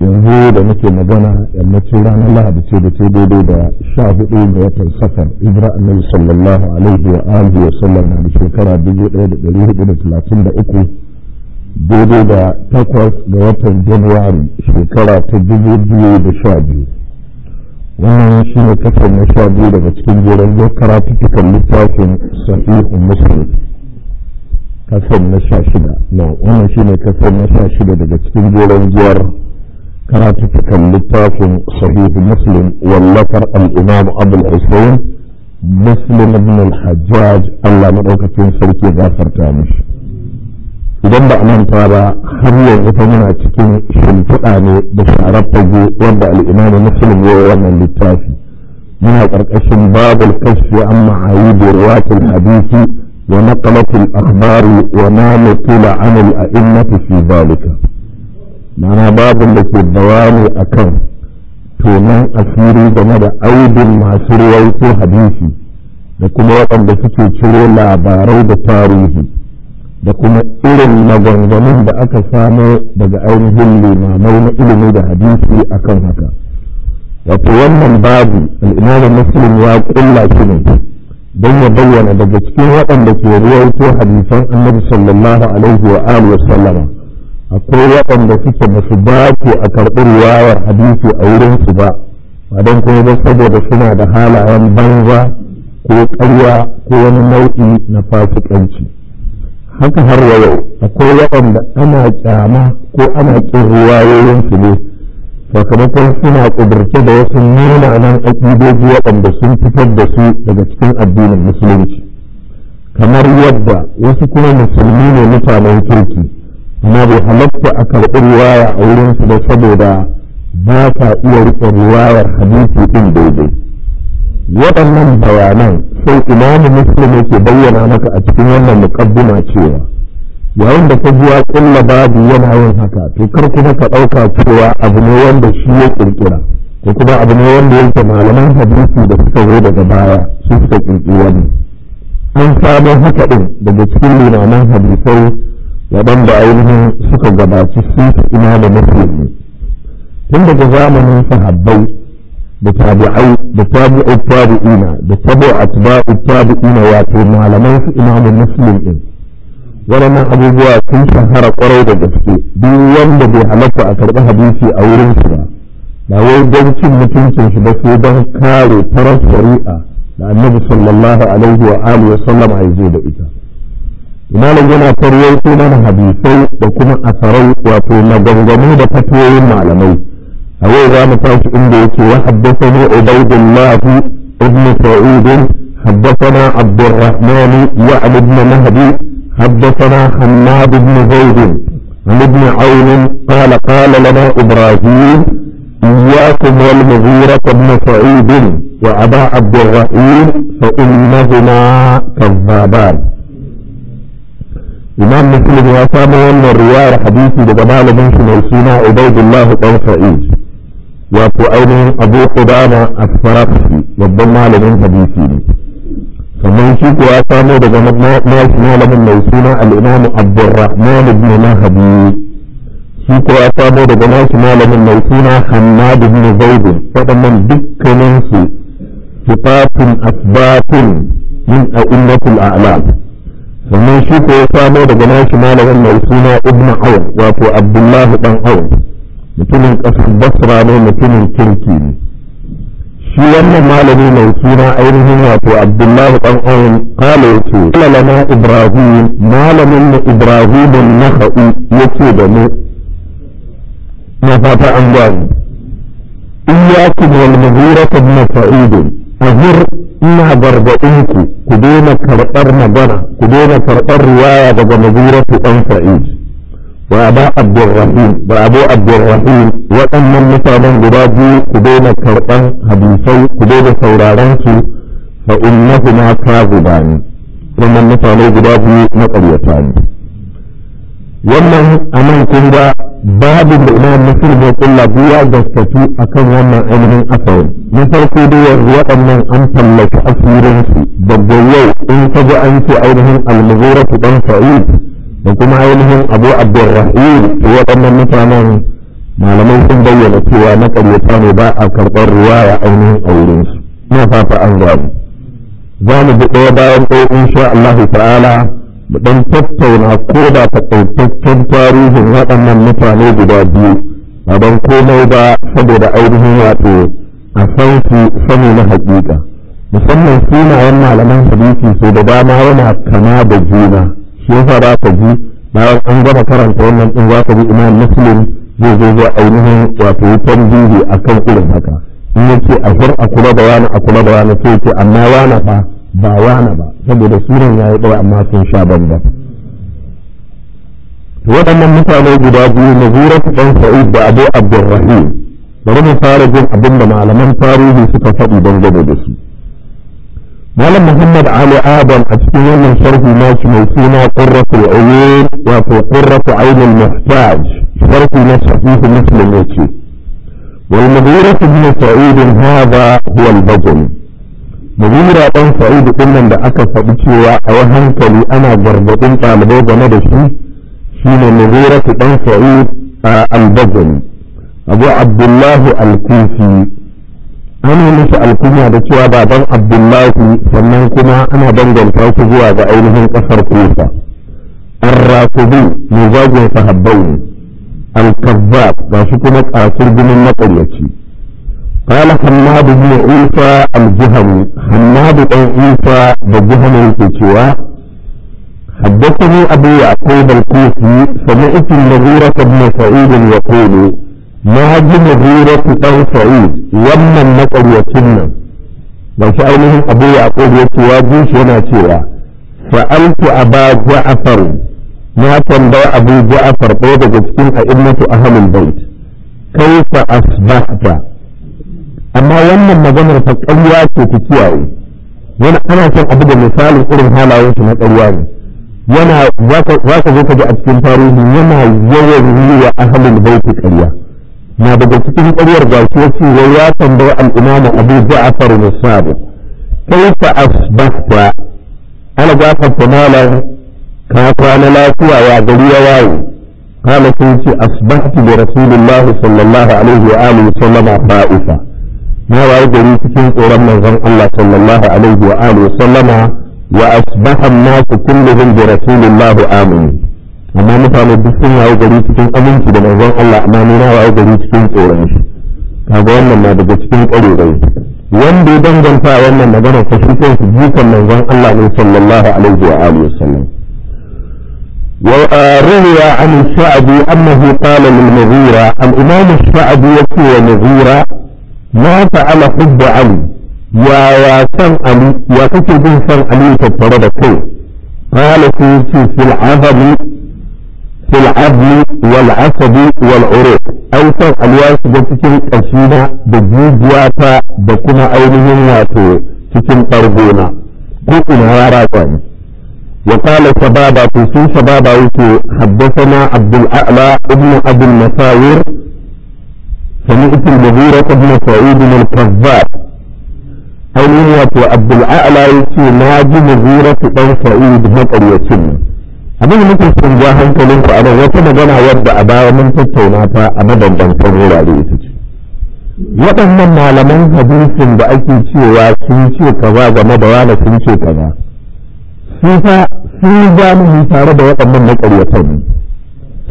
yanzu da muke magana yammacin ranar lahadi ce da ce daidai da sha hudu ga watan safar ibra annabi sallallahu alaihi wa alihi wa sallam na da shekara dubu ɗaya da ɗari hudu da talatin da uku daidai da takwas ga watan januwari shekara ta dubu biyu da sha biyu wannan shi ne kasar na sha biyu daga cikin jeren zai cikin littafin sahihun muslim kasar na sha shida na wannan shi ne kasar na sha shida daga cikin jeren jiyar كراتب للتاف صحيح مسلم واللتر الامام ابو الحسين مسلم بن الحجاج الله مروك في سلك غافر كامش اذا بعنا انتظر خبيا اتمنى تكون شنطاني بشارة تجي وضع الامام مسلم ووانا للتاف من اركشن باب الكشف عن معايب رواة الحديث ونقلة الاخبار وما نقول عن الائمة في ذلك mana babin da ke bayani akan tonon asiri game da aibin masu ruwaito hadisi da kuma waɗanda suke ciro labarai da tarihi da kuma irin maganganun da aka samu daga ainihin limamai na ilimi da hadisi akan haka wato wannan babu al'imamin muslim ya kulla shi ne don ya bayyana daga cikin waɗanda ke ruwaito hadisan annabi sallallahu alaihi wa alihi wa sallama akwai waɗanda suke ba su ke a karɓi riwayar hadisi a wurinsu ba ba don kuma ba saboda suna da halayen banza ko ƙarya ko wani nau'i na fasikanci haka har wa yau akwai waɗanda ana ƙyama ko ana ƙin riwayoyinsu ne sakamakon suna ƙudurce da wasu munanan aƙidoji waɗanda sun fitar da su daga cikin addinin musulunci kamar yadda wasu kuma musulmi ne mutanen kirki na bai halatta a karɓi riwaya a su ba saboda ba ta iya riƙe riwayar hadisi ɗin daidai waɗannan bayanan sai imamu muslim ke bayyana maka a cikin wannan muƙaddima cewa yayin da ka biya ƙulla babu yana yin haka to kar kuma ka ɗauka cewa abu ne wanda shi ya ƙirƙira ko kuma abu ne wanda yake malaman hadisi da suka zo daga baya su suka ƙirƙira ne an samo haka ɗin daga cikin limaman hadisai waɗanda ainihin suka gabaci sufi ina da musulmi tun daga zamanin sahabbai da tabi'ai da tabi'u tabi'ina da tabi'u atba'u tabi'ina wato malaman su imamu muslim din waɗannan abubuwa sun shahara ƙwarai da gaske duk wanda bai halatta a karɓi hadisi a wurin su ba ba wai don cin mutuncin shi ba sai don kare farar shari'a da annabi sallallahu alaihi wa alihi wa sallama ya zo da ita malam yana tarwai ko mana hadisai da kuma asarai wato maganganu da fatoyin malamai a yau za mu tashi inda yake wa haddathani ubaydullah ibn sa'id haddathana abdurrahman wa ibn mahdi haddathana hammad ibn zaid عن ابن عون قال قال لنا ابراهيم اياكم والمغيرة بن سعيد وابا عبد الرحيم فانهما كذابان imam muslim ya samu wannan riwayar hadisi daga malamin shi mai suna ubaidullah dan sa'id wato ainihin abu qudama as-sarafi babban malamin hadisi ne sannan shi ko ya samu daga nashi malamin mai suna al-imam abdurrahman ibn mahdi shi ko ya samu daga nashi malamin mai suna hammad ibn zaid waɗannan dukkaninsu kifatun asbatun min a'immatul a'lam sannan shi ko ya samo daga nashi malamin mai suna ibnu aun wato abdullahi dan aun mutumin kasar basra ne mutumin kirki ne shi wannan malami mai suna ainihin wato abdullahi dan aun kala yace lalana ibrahim malamin mu ibrahim haɗu ya ce da mu na fata an gani iyyakum wal mughira ibn sa'id azur ina gargaɗinku ku ku daina karɓar magana ku daina karɓar riwaya daga mazuratu ɗan sa'id wa aba abdurrahim da abu abdurrahim waɗannan mutanen guda biyu ku daina karɓar hadisai ku daina sauraron su fa innahuma kadhibani wannan mutane guda biyu na ƙaryata ne wannan a nan kun ga babu da imam muslim ya kulla gaskatu akan wannan ainihin asarin na farko dai waɗannan an tallafi asirinsu daga yau in ka ji an ce ainihin almuzuratu dan sa'id da kuma ainihin abu abdurrahim waɗannan mutanen malamai sun bayyana cewa na ƙaryata ne ba a karɓar ruwaya ainihin aurensu na fata an gano za mu bi ɗaya bayan ɗaya insha Allah ta'ala mu tattauna ko da taƙaitaccen tarihin waɗannan mutane guda biyu a ban komai ba saboda ainihin wato a san su sani na haƙiƙa musamman sunayen malaman hadisi sau da dama yana kama da juna shi yasa za ka ji bayan an gama karanta wannan ɗin za ka ji imam muslim zai zo zo ainihin wato wutan a kan irin haka in yace a hir a kula da wani a kula da wani sai amma wani fa ba wani ba saboda suran ya yi ɗaya amma sun sha bamban waɗannan mutane guda biyu na zuratu ɗan sa'id da abu abdurrahim bari mu fara jin abin da malaman tarihi suka faɗi don gaba da su malam muhammad ali adam a cikin wannan sharhi nashi mai suna qurratul uyun wato qurratu ainul muhtaj sharhi na sahih muslim yace wal mughira ibn sa'id hadha huwa al-bajali mugira ɗan sa'idu ɗin nan da aka faɗi cewa a yi hankali ana gargaɗin ɗalibai game da shi shi ne mugira ɗan sa'id a albazani abu abdullahi alkufi ana musu alkunya da cewa baban abdullahi sannan kuma ana danganta su zuwa ga ainihin ƙasar kufa arrakubu mai zagin sahabbai ne alkazzab ba shi kuma ƙasar ginin maƙaryaci قال حماد بن عيسى الجهني حماد بن عيسى الجهني كتوى حدثني أبو يعقوب الكوفي سمعت المغيرة بن سعيد يقول ما هج مغيرة بن سعيد يمن النقل يتمنى لو سألهم أبو يعقوب يتواجيش وناتيرا سألت أبا جعفر ما تنبأ أبو جعفر قيد جسكين أئمة أهل البيت كيف أصبحت amma wannan maganar ta ƙarya ce ta kiyaye yana ana son abu da misalin irin halayen shi na ƙarya ne yana za ka zo ka ji a cikin tarihi yana yawan yi wa ahalin baiti ƙarya na daga cikin ƙaryar ga shi yace wai ya tambayi al-imam Abu Ja'far al-Sadiq kaifa asbahta ana gafarta malam ka kwana lafiya ya gari ya waye قال سيدي أصبحت برسول الله صلى الله عليه وآله وسلم خائفا na wayi gari cikin tsoron manzon Allah sallallahu alaihi wa alihi wa sallama wa asbaha an-nasu kulluhum bi rasulillahi amin amma mutane duk sun wayi gari cikin aminci da manzon Allah amma ni na wayi gari cikin tsoron shi kaga wannan na daga cikin ƙwarerai wanda ya danganta wannan magana ta shi kansu jikan manzon Allah ne sallallahu alaihi wa alihi wa sallam وروي عن الشعبي أنه قال للمغيرة الإمام الشعبي يكفي مغيرة ma ala hubbu ali ya ya san ali ya kake san ali tattare da kai qala sai ce fil azami wal asabi wal uruq ai san ali ya shiga cikin kashina da ta da kuma ainihin wato cikin bargona ko ina ya ratsa ni وقال شبابة في شبابة حدثنا عبد الأعلى ابن أبي سمعت المغيرة بن سعيد الكذاب ainihin wato abdul'ala ya ce na ji mazira su ɗan sa'id maƙaryacin ne abin da muke son ja hankalin ku a nan wata magana wadda a baya mun tattaunata ta a mabambantan wurare ita ce waɗannan malaman hadisin da ake cewa sun ce kaza game da wala sun ce kaza su fa sun ja tare da waɗannan maƙaryatan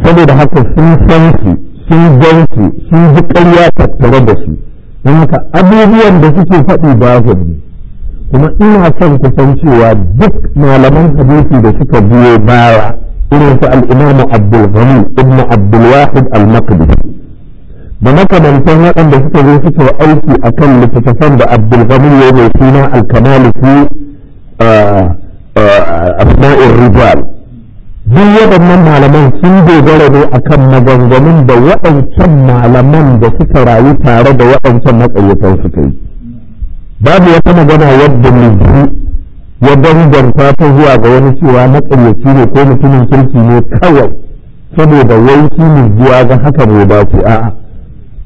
saboda haka sun san su sun gansu sun ji ƙarya tattare da su don haka abubuwan da suke faɗi ba ne kuma ina son kusan cewa duk malaman hadisi da suka biyo baya irin su al-imamu abdul ghani ibn abdul wahid al-maqdisi da makamantan waɗanda suka zo suka yi aiki a kan littattafan da abdul ghani ya mai suna al-kamalu fi uh, uh, asma'ir rijal duk waɗannan malaman sun dogara ne kan maganganun da waɗancan malaman da suka rayu tare da waɗancan matsayyatan suka yi babu wata magana wadda mai ya danganta ta zuwa ga wani cewa matsayyaci ne ko mutumin sulki ne kawai saboda wai shi ne zuwa ga haka ne ba ce a'a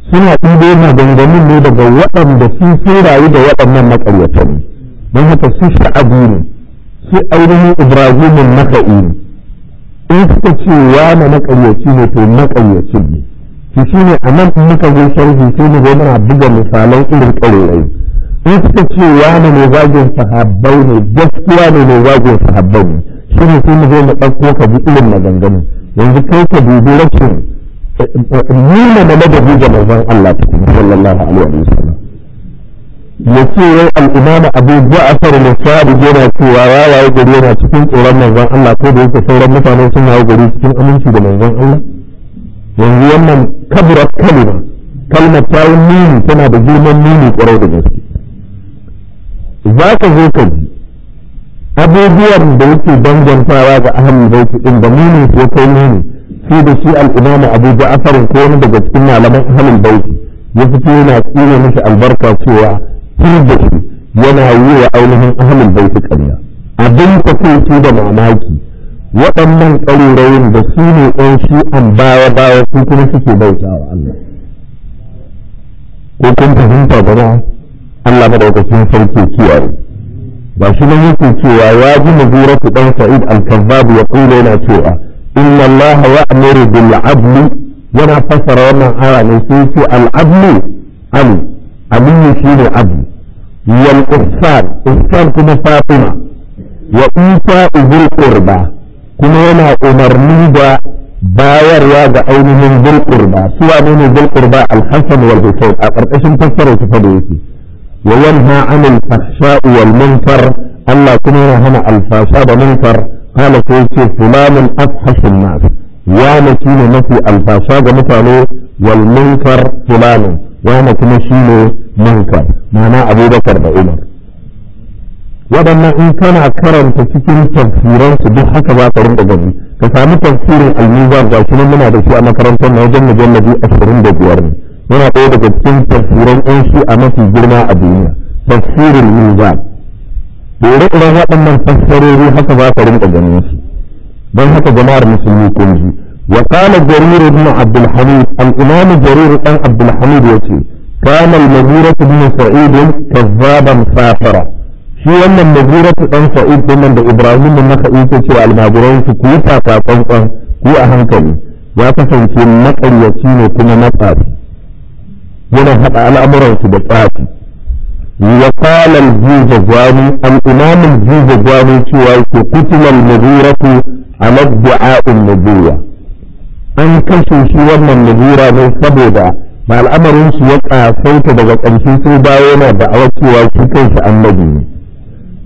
suna ɗibo maganganun ne daga waɗanda su sun rayu da waɗannan matsayyatan don haka su sha'abu ne su ainihin ibrahimun maka'i ne in suka ce na makaryaci ne to makaryaci ne shi shi ne a nan muka zo sharhi sai mu zo muna buga misalan irin ƙarerai in suka ce na mai zagin sahabbai ne gaskiya ne mai zagin sahabbai ne shi ne sai mu zo mu ɗauko ka bi irin maganganun yanzu kai ka dubi rashin eh, eh, nuna da madadi ga manzon Allah sallallahu alaihi wa sallam ya ce yau al'umama abu ja'afar musa'adu yana cewa ya gari yana cikin tsoron manzon Allah ko da yake sauran mutane sun hau gari cikin aminci da manzan Allah yanzu wannan kabura kalima kalmar ta yi tana da girman nini kwarai da gaske za ka zo ka ji abubuwan da yake dangantawa ga ahlul baiti din da nini ko kai nini sai da shi al'umama abu ja'afar ko wani daga cikin malaman ahlul bauti ya fito yana tsira mishi albarka cewa tur da shi yana yi wa ainihin ahalin baiti ƙarya abin ka su da mamaki waɗannan ƙarurayin da su ne ɗan an baya-baya su kuma suke bauta wa Allah ko kun fahimta gaba Allah madaukakin sarki kiyaye ba shi ne yake cewa ya ji ku ɗan sa'id al-kazzab ya kula yana cewa inna Allah amuru bil adli yana fasara wannan ayar ne sai ce al-adlu amin abin ne abu wal ihsan ihsan kuma fatima wa isa zul qurba kuma yana umarni da bayarwa ga ainihin zul qurba su wane ne zul qurba al hasan wal husayn a karkashin fassara ta fada yake wa yanha anil fahsha wal munkar Allah kuma yana hana al fahsha da munkar qala sai ce fulanun afhashin ne mafi al fahsha ga mutane wal munkar fulanun wa kuma shine munkar ma'ana abubakar da umar waɗannan in kana karanta cikin tafsiransu duk haka ba ka rinka gani ka sami tafsirin almizan ga shi muna da shi a makarantar na wajen mujallabi ashirin da biyar ne yana ɗaya daga cikin tafsiran ɗin shi a mafi girma a duniya tafsirin mizan ire-iren waɗannan fassarori haka ba ka rinka ganin shi don haka jama'ar musulmi kun ji وقال جرير بن عبد الحميد الإمام جرير بن عبد الحميد يقول كان المغيرة بن سعيد كذابا سافرا shi wannan maziratu dan sa'id din nan da ibrahim din maka yake cewa ku ta tsantsan ku a hankali ya kasance makaryaci ne kuma na tsafi yana haɗa al'amuran su da tsafi wa qala al-juzani al-imam al-juzani cewa ku kutila al-maziratu ala du'a an an kashe shi wannan mazira ne saboda ba al'amarin su ya kasauta daga ƙarshe sun dawo yana da cewa shi kansa annabi ne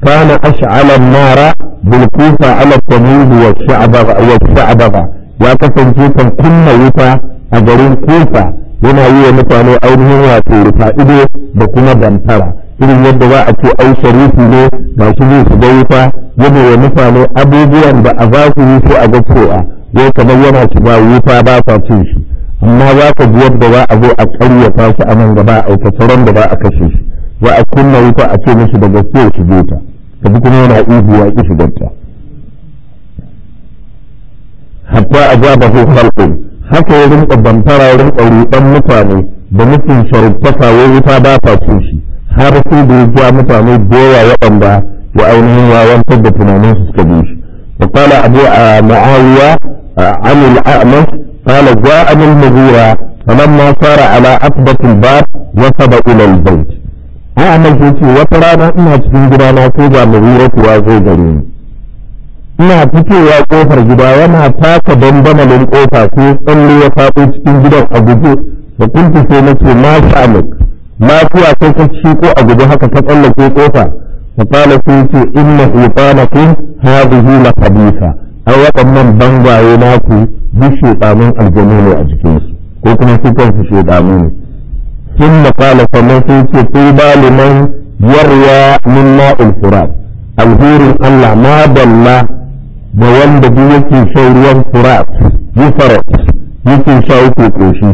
kana ash'ala nara bulkufa kufa ala tamud wa sha'baba wa sha'baba ya kasance kan kunna wuta a garin kufa yana yi wa mutane ainihin wato rufa ido da kuma dantara irin yadda za a ce ai sharifi ne ga shi zai shiga wuta yana wa mutane abubuwan da a za su yi su a ga cewa ya kamar yana shiga wuta ba sa cin shi amma za ka ji yadda za a zo a ƙaryata shi a nan gaba a aikace da za a kashe shi za a kunna wuta a ce musu da gaske ya shige ta ka bi kuma yana ihu ya ƙi shigarta hatta a za ba halƙin haka ya rinƙa bantara ya rinƙa ruɗan mutane da nufin sharuffaka wai wuta ba ta cin shi har sai da ya ja mutane da yawa waɗanda ya ainihin wawantar da tunaninsu suka bi shi فقال أبو معاوية عن الأعمش قال جاءني المغيرة فلما صار على عقبة الباب وصب wata rana أعمل cikin وترانا إنها ba جدانا توجع مغيرة وازو جريني ina fitowa kofar gida yana taka dandamalin kofa ko tsalle ya faɗo cikin gidan a guje da kuntu sai nace ma sha'anik lafiya sai ka ci ko a guje haka ka tsallake kofa fa qala sai ce inna ibanakum hadhihi la khabitha ai waɗannan bangaye naku duk shekanun aljanu ne a jikinsu ko kuma su kansu ne sun makala kamar sun ce su ba liman yarwa min ma'ul furat alhurin Allah ma balla da wanda duk yake shan ruwan furat yufarat yake sha yake koshi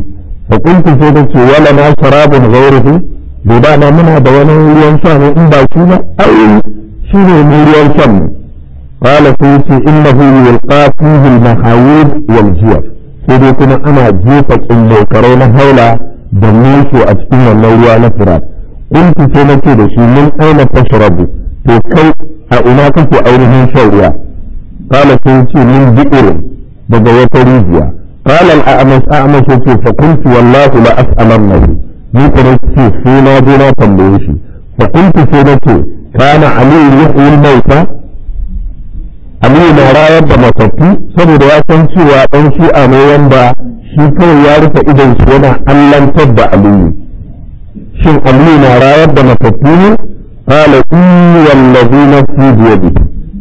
fa kuntu sai ta ce wala na sharabin zaurufi bai ba na muna da wani ruwan sha ne in ba shi ba ai shi ne ruwan shan ne qala sun ce na yulqa fihi al-mahawid wal jiyaf sai dai kuma ana jefa kullokarai na haula da nufi a cikin wannan ruwa na firat kuntu sai nake da shi mun aina tashrabu to kai a ina min daga rijiya قال الأعمش أعمش فقلت والله لا أسألنه نكرت فينا دون تنبيشي فقلت سيدتي كان علي يحيي الموتى aliyu na rayar da matattu saboda ya san cewa ɗan shi'a ne ba shi kawai ya rufe idan su yana allantar da aliyu shin aliyu na rayar da matattu ne qala inni wallazi na bi yadi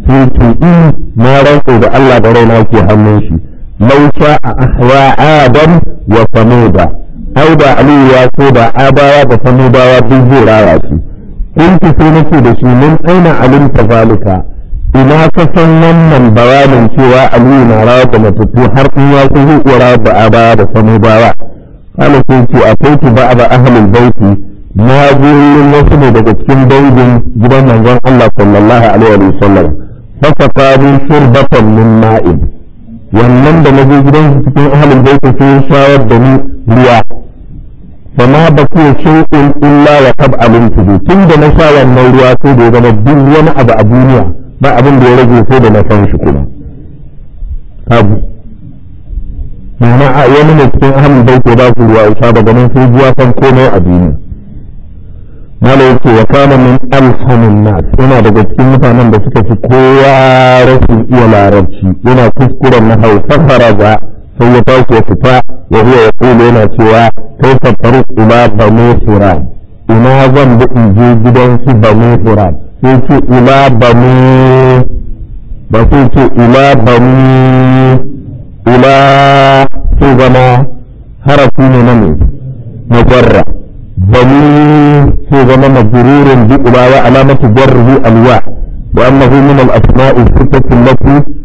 sai ce in na rantsa da Allah da raina ke hannun shi mausa a ahwa adam wa samuda ai da aliyu ya so da abawa da samudawa duk zai rara su kuntu sai nake da shi mun aina alimta zalika ina ka san wannan bayanin cewa aliyu na rawa da matattu har in ya kuhu ura ba a baya da samu bawa kana sun ce a kai ba a ba ahalin bauti na gurin wasu ne daga cikin dangin gidan manzon Allah sallallahu alaihi wa sallam fasaka min turbatan min ma'in wannan da na je gidan cikin ahalin bauti sun shawar da ni ruwa فما بقي شيء إلا وقد علمته تند نشا والنور واتو duk wani abu a duniya ba abin da ya rage sai da na san shi kuma abu ma'ana a yi mana cikin ahalin baiko ba su ruwa isa daga nan sun zuwa san komai a duniya mala yake wa kama min alhamin yana daga cikin mutanen da suka fi kowa rashin iya larabci yana kuskuren na hausa faraga sai ya tashi ya fita ya zuwa ya kula yana cewa kai fa ina ba mai ina zan bi in je gidan su banu sai ce ila banu ba sai ce ila banu ila zama harafi ne na ne majarra banu sai zama bi ila wa alamatu alwa wa annahu min al-asma'i sittatu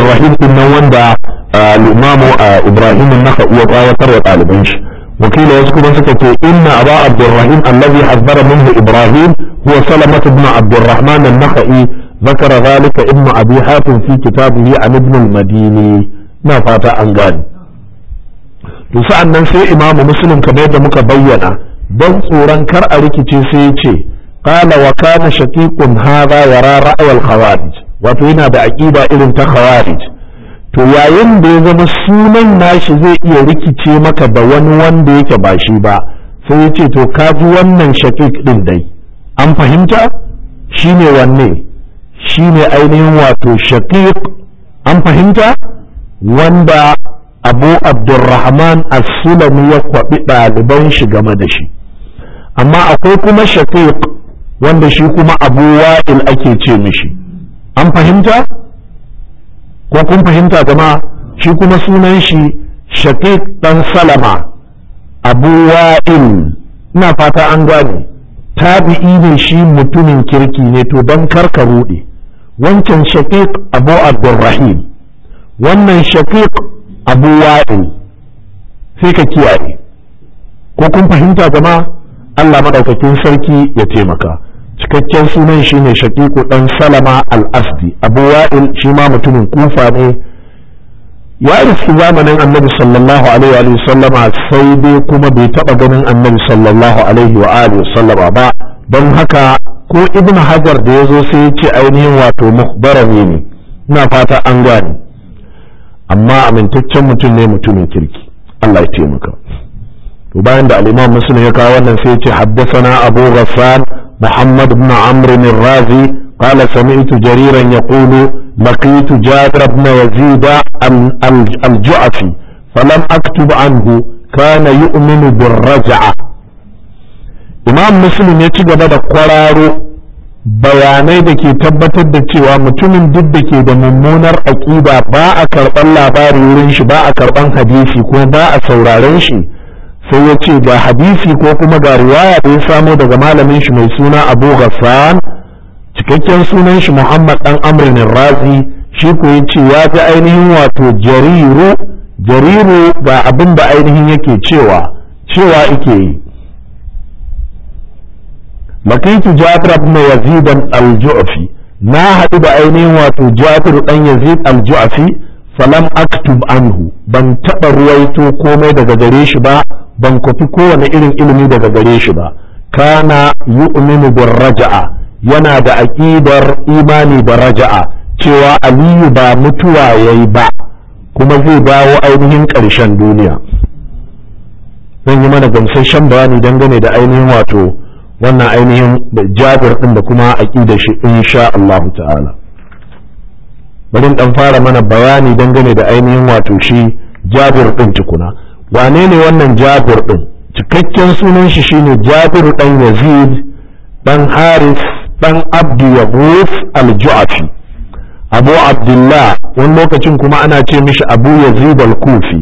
rahmanir rahim din nan wanda al-imamu ibrahim an ya tsawatar wa ɗaliban shi wakila wasu kuma suka ce inna aba abdurrahim allazi hasbara minhu ibrahim huwa salamat ibn abdurrahman an-nakhai ذكر ذلك ابن أبي حاتم في كتابه عن ابن المديني ما فات أن قال sai imamu muslim kamar da muka bayyana don tsoron kar a rikice sai ya ce qala wa kana shaqiqun hadha yara ra'ayal wato yana da aƙida irin ta khawarij to yayin da ya zama sunan nashi zai iya rikice maka da wani wanda yake ba shi ba sai ya ce to ka ji wannan shafiq din dai an fahimta shine wanne shine ainihin wato shakik an fahimta wanda abu abdurrahman as-sulami ya kwaɓi ɗaliban shi game da shi amma akwai kuma shaqiq wanda shi kuma abu wa'il ake ce mishi an fahimta ko kun fahimta kuma shi kuma sunan shi shaqiq dan salama abu wa'in ina fata an gane tabi'i ne shi mutumin kirki ne to don karka ruɗe wancan shaqiq abu abdurrahim wannan shaqiq abu wa'in sai ka kiyaye ko kun fahimta kuma Allah madaukakin sarki ya taimaka cikakken sunan shi ne shakiku ɗan salama al-asdi abu wa'il shi ma mutumin kufa ne ya riski zamanin annabi sallallahu alaihi wa sallama sai dai kuma bai taɓa ganin annabi sallallahu alaihi wa alihi sallama ba don haka ko ibn hajar da ya zo sai ya ce ainihin wato muhbarami ne ina fata an gane amma amintaccen mutum ne mutumin kirki Allah ya taimaka to bayan da al-imam muslim ya kawo wannan sai ya ce haddathana abu ghassan محمد بن عمرو الرازي قال سمعت جريرا يقول لقيت جابر بن يزيد الجعفي فلم أكتب عنه كان يؤمن بالرجعة imam muslim ya ci gaba da kwararo bayanai da ke tabbatar da cewa mutumin duk da ke da mummunar aƙida ba a karɓar labari wurin shi ba a karɓan hadisi kuma ba a sauraren shi sai ya ce ga hadisi ko kuma ga riwaya da ya samo daga malamin shi mai suna abu ghassan cikakken sunan shi muhammad dan amrin razi shi ko ya ce ya ga ainihin wato jariru jariru ga abin da ainihin yake cewa cewa yake yi lakitu jafar yazid al-ju'fi na haɗu da ainihin wato jafar dan yazid al-ju'fi falam aktub anhu ban taɓa ruwaito komai daga gare shi ba ban kwafi kowane irin ilimi daga gare shi ba kana yu'minu bir raja'a yana da aƙidar imani da raja'a cewa aliyu ba mutuwa yayi ba kuma zai dawo ainihin ƙarshen duniya zan yi mana gamsashen bayani dangane da ainihin wato wannan ainihin jabir din da kuma aqidar shi insha Allah ta'ala bari dan fara mana bayani dangane da ainihin wato shi jabir ɗin tukuna wane ne wannan jabir ɗin cikakken sunan shi shine jabir ɗan yazid ɗan haris ɗan abdu yaquf al-ju'afi abu abdullah wani lokacin kuma ana ce mishi abu yazid al-kufi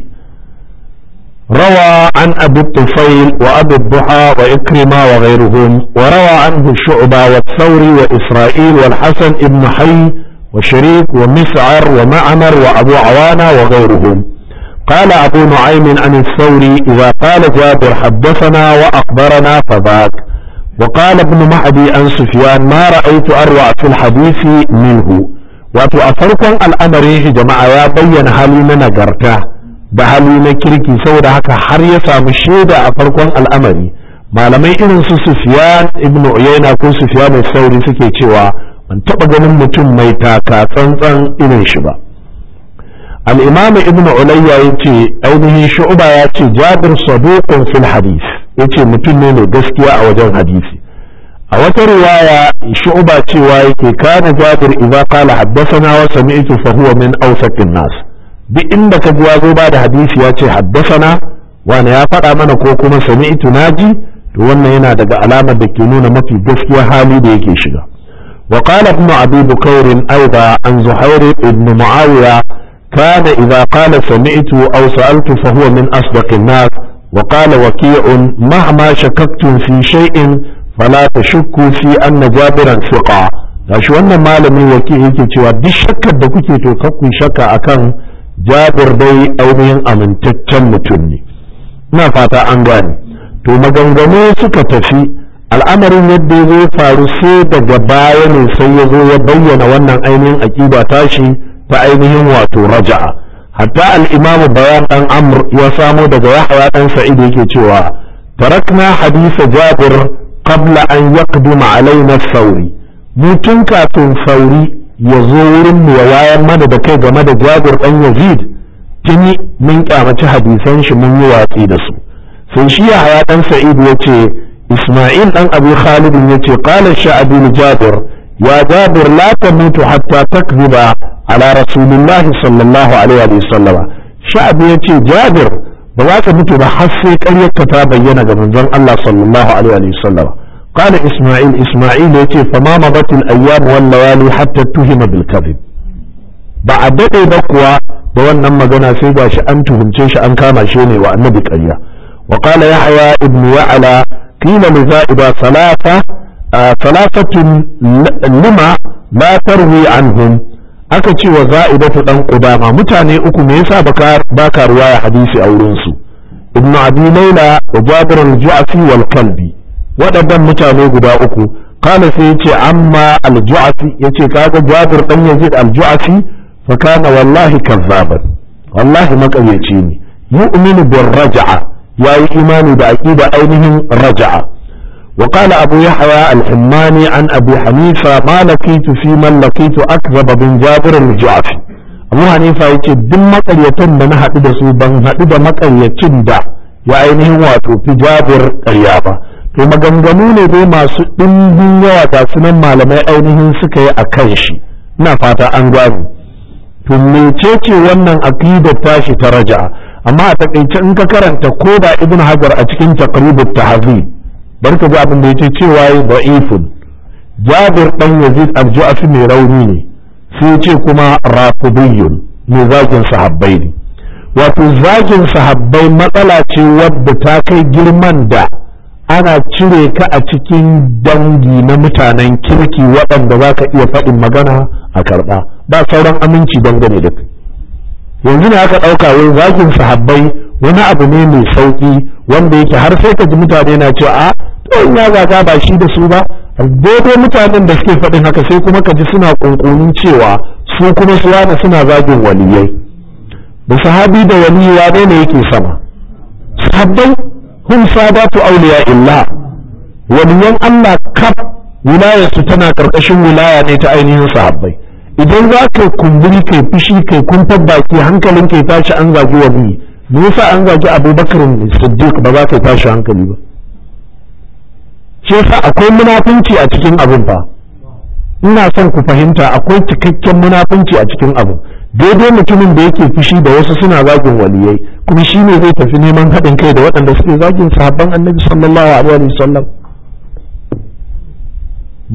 روى عن أبي الطفيل وأبي الضحى وإكرمة وغيرهم وروى عنه شعبة والثوري وإسرائيل والحسن ابن حي وشريك ومسعر ومعمر وأبو عوانة وغيرهم قال أبو نعيم عن الثوري إذا قال جابر حدثنا وأخبرنا فذاك وقال ابن معدي عن سفيان ما رأيت أروع في الحديث منه wato a farkon al'amarin shi jama'a ya bayyana hali na nagarta da hali na kirki saboda haka har ya samu shaida a farkon al'amari malamai irin su Sufyan ibn Uyayna ko Sufyan al-Sauri suke cewa ban taba ganin mutum mai taka tsantsan irin shi ba al-imam ibn ulayya yace ainihin shu'ba yace jabir saduqun fil hadith yace mutum ne mai gaskiya a wajen hadisi a wata riwaya shu'ba cewa yake kana jabir idza qala haddathana wa sami'tu fa huwa min awsaqin nas duk inda ka ji zo ba da hadisi yace na wani ya faɗa mana ko kuma sami'tu naji to wannan yana daga alamar da ke nuna mafi gaskiya hali da yake shiga وقال ابن أبي بكير أيضا عن زهير بن معاوية kana idza qala sami'tu aw sa'altu fa huwa min asdaqin nas wa qala waqi'un mahma shakaktum fi shay'in fala tashukku fi anna gashi wannan malamin waqi'i yake cewa duk shakkar da kuke to kakku shakka akan jabir dai ainihin amintaccen mutum ne ina fata an gane to maganganu suka tafi al'amarin yadda ya faru sai daga baya ne sai ya zo ya bayyana wannan ainihin aƙida tashi ta ainihin wato raja'a hatta al-imamu bayan dan amr ya samo daga yahaya dan sa'id yake cewa tarakna hadisa jabir qabla an yaqdima alaina sauri mutun kafin sauri ya zo wurin mu ya wayar mana da kai game da jabir dan yazid tuni mun kyamaci hadisan shi mun yi watsi da su sai shi yahaya dan sa'id yace إسماعيل أن أبي خالد يتي قال الشعبي لجابر يا جابر لا تموت حتى تكذب ala rasulullahi sallallahu alaihi wa sallama sha'abi ya ce jabir ba za ka mutu ba har sai ƙaryarka ta bayyana ga manzon Allah sallallahu alaihi wa sallama قال إسماعيل إسماعيل يتي فما مضت الأيام والليالي حتى اتهم بالكذب بعد بقوة دوان نما جنا سيدا شأن تهمتيش أن كان شيني وأنبي كريا وقال يحيى ابن يعلى قيل لزائد ثلاثة آه ثلاثة لما لا تروي عنهم aka ce wa ta dan kudama mutane uku me yasa baka baka ruwaya hadisi a wurin su ibn abi laila wa jabir al-ju'fi wal kalbi waɗannan mutane guda uku kana sai yace amma al-ju'fi yace kaga jabir dan yazid al-ju'fi fa kana wallahi kazzaban wallahi makaryaci ne yu'minu bil raj'a yayi imani da aqida ainihin raj'a وقال أبو يحيى الحماني عن أبي حنيفة ما لقيت في من لقيت أكذب بن جابر الجعفي أبو حنيفة da دم مقريتين دنا حدد سوبان حدد مقريتين دا يا عينه واتو في جابر اليابا to maganganu ne dai masu ɗimbin yawa ga sunan malamai ainihin suka yi a kan shi ina fata an gwani. to mecece wannan aqidar tashi ta raja amma a taƙaice in ka karanta ko da ibn hajar a cikin taqribut tahzib barka ka ji abin da yake cewa yi da'ifun jabir dan yazid al-ju'afi mai rauni ne sai ce kuma rafidiyun mai zagin sahabbai ne wato zagin sahabbai matsala ce wadda ta kai girman da ana cire ka a cikin dangi na mutanen kirki waɗanda za ka iya faɗin magana a karɓa ba sauran aminci dangane da yanzu ne aka ɗauka wai zagin sahabbai wani abu ne mai sauƙi wanda yake har sai ka ji mutane na cewa a kawai ya zaga ba shi da su ba daidai mutanen da suke faɗin haka sai kuma ka ji suna ƙunƙunin cewa su kuma su wani suna zagin waliyai da sahabi da waliyu wane ne yake sama sahabbai hum sadatu auliya illa waliyan Allah kaf su tana karkashin wilaya ne ta ainihin sahabbai idan za ka kumburi kai fushi kai kuntar baki hankalin kai tashi an zagi waliyi me yasa an zagi abubakar siddiq ba za ka tashi hankali ba shi yasa akwai munafunci a cikin abin fa ina son ku fahimta akwai cikakken munafunci a cikin abu daidai mutumin da yake fushi da wasu suna zagin waliyai kuma shi ne zai tafi neman haɗin kai da waɗanda suke zagin sahabban annabi sallallahu alaihi wa sallam.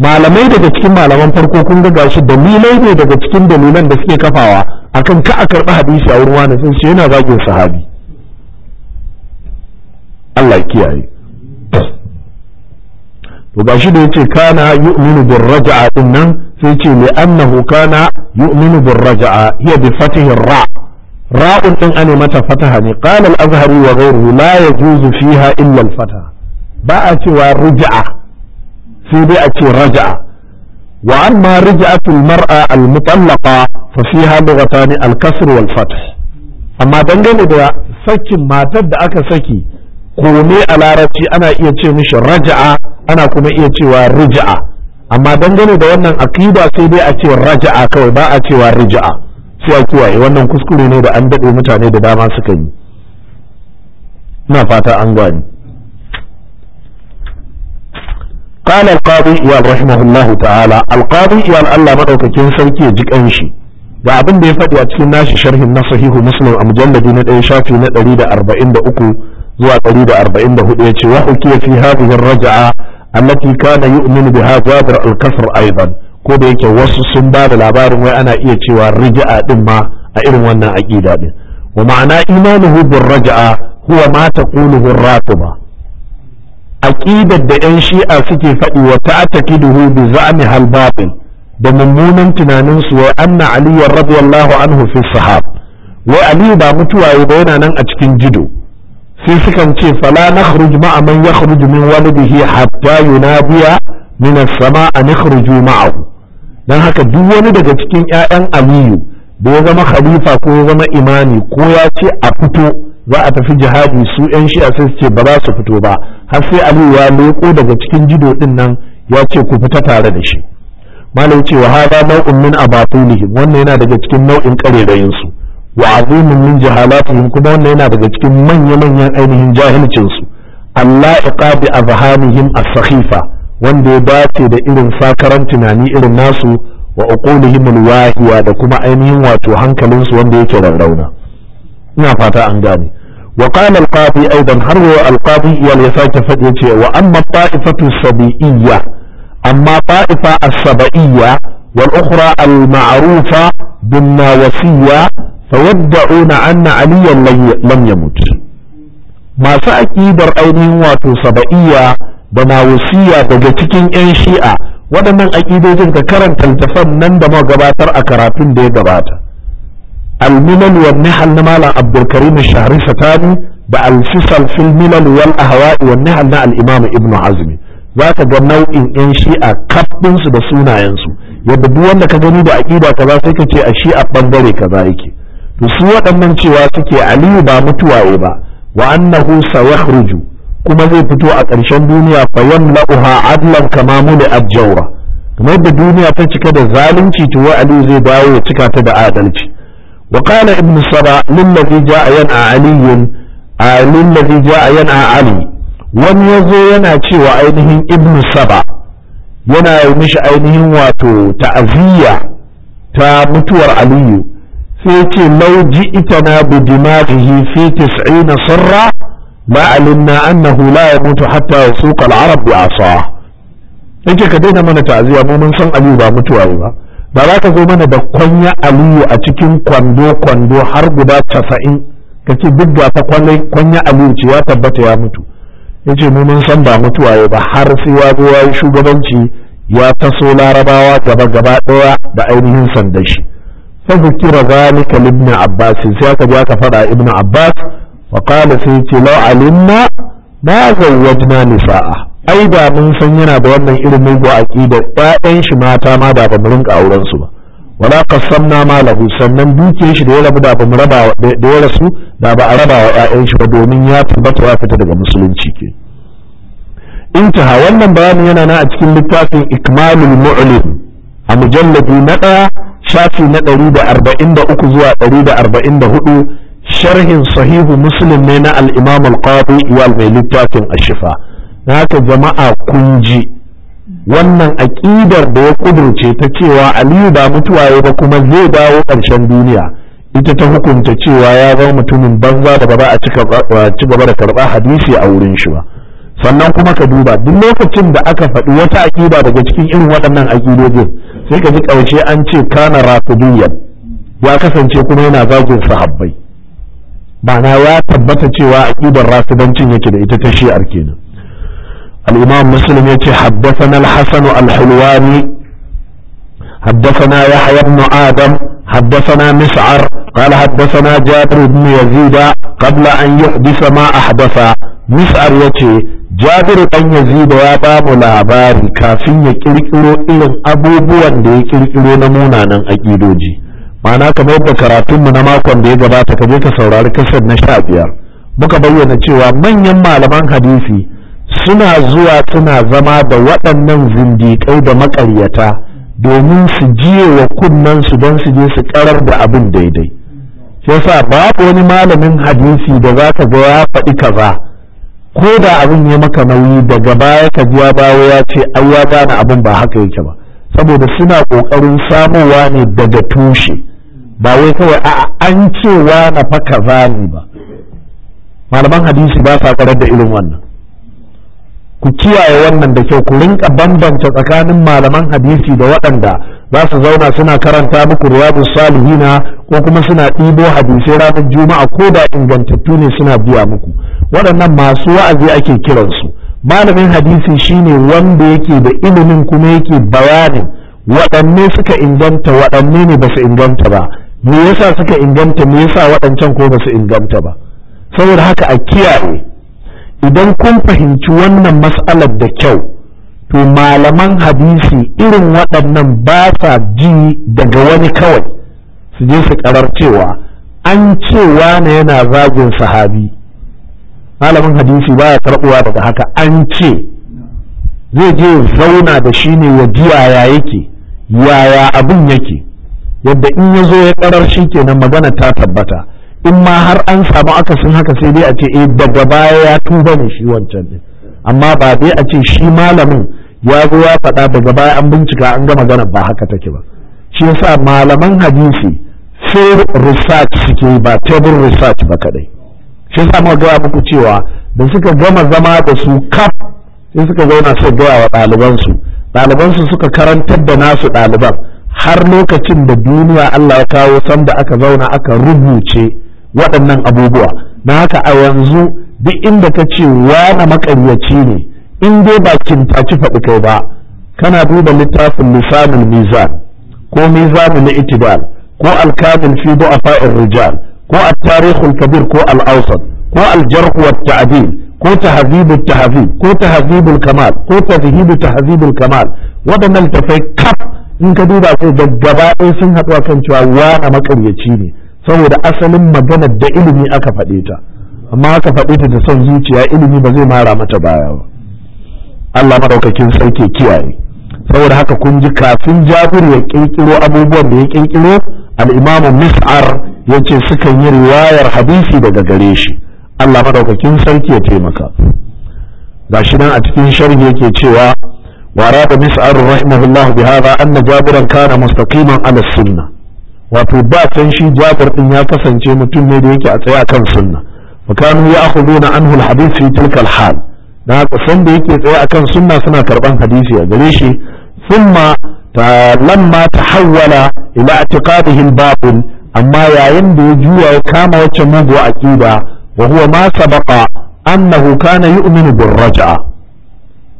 malamai daga cikin malaman farko kun ga gashi dalilai ne daga cikin dalilan da suke kafawa akan ka a karɓi hadisi a wurin wani sun yana zagin sahabi Allah kiyaye to gashi da yace kana yu'minu bir raja'a din nan sai ce li annahu kana yu'minu bir raja'a hiya bi fatihi ra ra'un din ane mata fataha ne qala al azhari wa ghayruhu la yajuzu fiha illa al fataha ba a cewa ruja'a sai dai a ce raja'a wa amma ruja'atul mar'a al mutallaqa fa fiha lughatan al kasr wal fath amma dangane da sakin matar da aka saki kome a larabci ana iya ce mishi raja'a ana kuma iya cewa rija'a amma dangane da wannan akida sai dai a ce raja'a kawai ba a cewa rija'a sai a kiwaye wannan kuskure ne da an dade mutane da dama suka yi ina fata an gwani قال القاضي يا رحمه الله تعالى القاضي يا الله مدوكين سوكي جكان شي da abin da ya faɗi a cikin nashi sharhin na sahihu muslim a mujalladi na ɗaya shafi na 143 zuwa 144 ya ce wa hukiya fi hadhihi raja'a allati kana yu'minu biha jabir al-kasr ko da yake wasu sun ba da labarin wai ana iya cewa rija'a din ma a irin wannan aqida ne. wa ma'ana imanuhu bir raja'a huwa ma taquluhu ar-ratiba aqidar da yan shi'a suke faɗi wa ta'taqiduhu bi za'mi al-batil da mummunan tunaninsu wai anna aliyar radiyallahu anhu fi sahab wai aliyu ba mutuwa ba yana nan a cikin jido sai sukan ce fala kharuj ma'a man yakhruju min walidihi hatta yunabiya min as-sama'a nakhruju ma'ahu dan haka duk wani daga cikin ƴaƴan Aliyu da ya zama khalifa ko ya zama imami ko ya ce a fito za a tafi jihadi su ƴan shi'a sai su ce ba za su fito ba har sai Aliyu ya leko daga cikin jido din nan ya ce ku fita tare da shi malam ce wa hada nau'in min abatilihim wannan yana daga cikin nau'in karerayin su wa azimun min jahalatihim kuma wannan yana daga cikin manya-manyan ainihin jahilcin su Allah iqabi azhanihim as-sakhifa wanda ya dace da irin sakaran tunani irin nasu wa uqulihim al-wahiya da kuma ainihin wato hankalin su wanda yake rarrauna ina fata an gane wa qala al-qadi aidan har wa al-qadi ya sake fadi yace wa amma ta'ifatu sabiiyya amma ta'ifa as-sabaiyya wal ukhra al-ma'rufa bin nawasiyya fawadda'una anna aliyan lam mutu. masu aƙidar ainihin wato saba'iyya da mawusiya daga cikin 'yan shi'a waɗannan aƙidojin ka karanta littafan nan da muka gabatar a karatun da ya gabata al-milal wa na malam abdulkarim shahri satani da al-fisal fil milal wal ahwa'i na al-imam ibnu azmi za ka ga nau'in 'yan shi'a kafinsu da sunayensu yadda duk wanda ka gani da aƙida kaza sai ka ce a shi'a ɓangare kaza yake to su waɗannan cewa suke aliyu ba mutuwaye ba wa annahu sayakhruju kuma zai fito a ƙarshen duniya fa yamla'uha adlan kama muli ajjawra kamar da duniya ta cika da zalunci to wai aliyu zai dawo ya cika ta da adalci wa qala ibnu saba lillazi ja'a yan'a aliyun lillazi ja'a yan'a ali wani yazo yana cewa ainihin ibnu saba yana yi mishi ainihin wato ta'aziyya ta mutuwar aliyu sai ce lauji ita na bidimarihi fi tis'ina sirra ma alimna annahu la yamutu hatta yasuqa al-arab bi asa yake ka daina mana ta'aziya mu mun san aliyu ba mutuwa ba ba za ka zo mana da kwanya aliyu a cikin kwando kwando har guda casa'in ka ce duk da ta kwanya aliyu ce ya tabbata ya mutu yace mu mun san ba mutuwa ba har sai ya zo ya yi shugabanci ya taso larabawa gaba gaba daya da ainihin sandashi shi fa zikira zalika ibn abbas sai aka ji aka fada ibn abbas wa sai ce law alimna ma zawwajna nisaa ai ba mun san yana da wannan irin mugu aqida ƴaƴan shi mata ma da ba mu rinka aurensu su ba wala qasamna malahu sannan dukiyar shi da ya da ba mu raba rasu da ba a raba wa ƴaƴan shi ba domin ya tabbata ya fita daga musulunci ke intaha wannan bayanin yana na a cikin littafin ikmalul mu'lim a mujalladi na ɗaya shafi na ɗari da arba'in da uku zuwa ɗari da arba'in da hudu sharhin sahihu muslim ne na al'imam al-qadi wal mai littafin ashifa na haka jama'a kun ji wannan aƙidar da ya kudurce ta cewa aliyu ba mutuwa ya ba kuma zai dawo ƙarshen duniya ita ta hukunta cewa ya zama mutumin banza da ba za a ci gaba da karɓa hadisi a wurin shi ba sannan kuma ka duba duk lokacin da aka faɗi wata aƙida daga cikin irin waɗannan aƙidojin sai ka ji ƙarshe an ce kana rafidiyya ya kasance kuma yana zagin sahabbai ma'ana ya tabbata cewa aƙidar rafidancin yake da ita ta shi'ar kenan al-imam muslim yace haddathana al-hasan al-hulwani حدثنا يحيى بن آدم حدثنا مسعر قال حدثنا جابر بن يزيد قبل أن يحدث ما أحدث مسعر يتي jabiru dan yazida ya ba mu labari kafin ya kirkiro irin abubuwan da ya kirkiro na munanan aƙidoji ma'ana kamar da mu na makon da ya gabata ka je ka saurari kasar na sha biyar muka bayyana cewa manyan malaman hadisi suna zuwa suna zama da waɗannan zindiƙai da maƙaryata domin su jiye wa kunnensu don su je su karar da abin daidai sai yasa babu wani malamin hadisi da zaka ka ga ya faɗi kaza ko da abin ya maka nauyi daga baya ka ji ya ya ce ai ya gane abin ba haka yake ba saboda suna kokarin samowa ne daga tushe ba wai kawai a an cewa na fa kaza ne ba malaman hadisi ba sa karar da irin wannan ku kiyaye wannan da kyau ku rinka bambanta tsakanin malaman hadisi da waɗanda za su zauna suna karanta muku riyadu salihina ko kuma suna ɗibo hadisai ranar juma'a ko da ingantattu ne suna biya muku waɗannan masu wa'azi ake kiransu malamin hadisi shine wanda yake da ilimin kuma yake bayanin waɗanne suka inganta waɗanne ne ba su inganta ba me yasa suka inganta me yasa waɗancan ko ba su inganta ba saboda haka a kiyaye idan kun fahimci wannan mas'alar da kyau to malaman hadisi irin waɗannan ba sa ji daga wani kawai su je su karar cewa an cewa na yana zagin sahabi malamin hadisi baya karɓuwa daga haka an ce zai je zauna da shi ne wa jiyaya yake yaya abin yake yadda in ya zo ya karar shi kenan magana ta tabbata in ma har an samu akasin haka sai dai a ce eh daga baya ya tuba ne shi wancan din amma ba dai a ce shi malamin ya zo ya faɗa daga baya an bincika an ga magana ba haka take ba shi yasa malaman hadisi fair research suke ba table research ba kadai shi yasa mu ga muku cewa da suka gama zama da su kaf sai suka zauna su gaya wa ɗalibansu ɗalibansu suka karantar da nasu ɗaliban har lokacin da duniya Allah ya kawo sanda aka zauna aka rubuce waɗannan abubuwa na haka a yanzu duk inda ka ce wani makaryaci ne in dai ba kintaci faɗi kai ba kana duba littafin lisanin mizan ko mizan na itidal ko alkamin fi du'afa'ir rijal ko at-tarikhul kabir ko al-awsat ko al-jarh wa at-ta'dil ko tahdhibut tahdhib ko tahdhibul kamal ko tahdhibut tahdhibul kamal wadannan tafai kaf in ka duba ko gaggaba sun haɗu kan cewa wani makaryaci ne saboda asalin maganar da ilimi aka faɗe ta amma aka faɗe ta da son zuciya ilimi ba zai mara mata baya ba Allah madaukakin sarki kiyaye saboda haka kun ji kafin Jabir ya kirkiro abubuwan da ya kirkiro al-Imam Mis'ar yace sukan yi riwayar hadisi daga gare shi Allah maɗaukakin sarki ya taimaka gashi nan a cikin sharhi yake cewa وأراد مسعر رحمه الله بهذا أن جابرا كان مستقيما على السنة wato ba san shi jabir din ya kasance mutum ne da yake a tsaye akan sunna wa kanu ya'khuduna anhu al-hadith fi tilka al-hal da haka san da yake tsaye akan sunna suna karban hadisi a gare shi thumma ta lamma ta hawwala ila i'tiqadihim batil amma yayin da ya juya ya kama wacce mugu aqida wa huwa ma sabaqa annahu kana yu'minu bir raj'a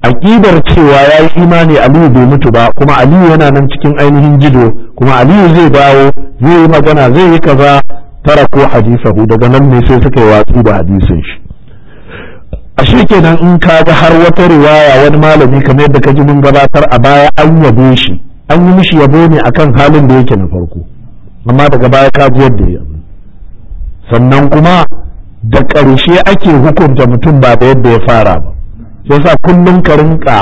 aqidar cewa ya yi imani Aliyu bai mutu ba kuma Aliyu yana nan cikin ainihin jido kuma Aliyu zai dawo zai yi magana zai yi kaza tara ko hadisahu daga nan ne sai suka yi watsi da hadisin shi ashe kenan in ka ga har wata riwaya wani malami kamar yadda ka ji mun gabatar a baya an yabe shi an yi mishi yabo ne akan halin da yake na farko amma daga baya ka ji yadda ya sannan kuma da ƙarshe ake hukunta mutum ba da yadda ya fara ba sai sa kullum ka rinka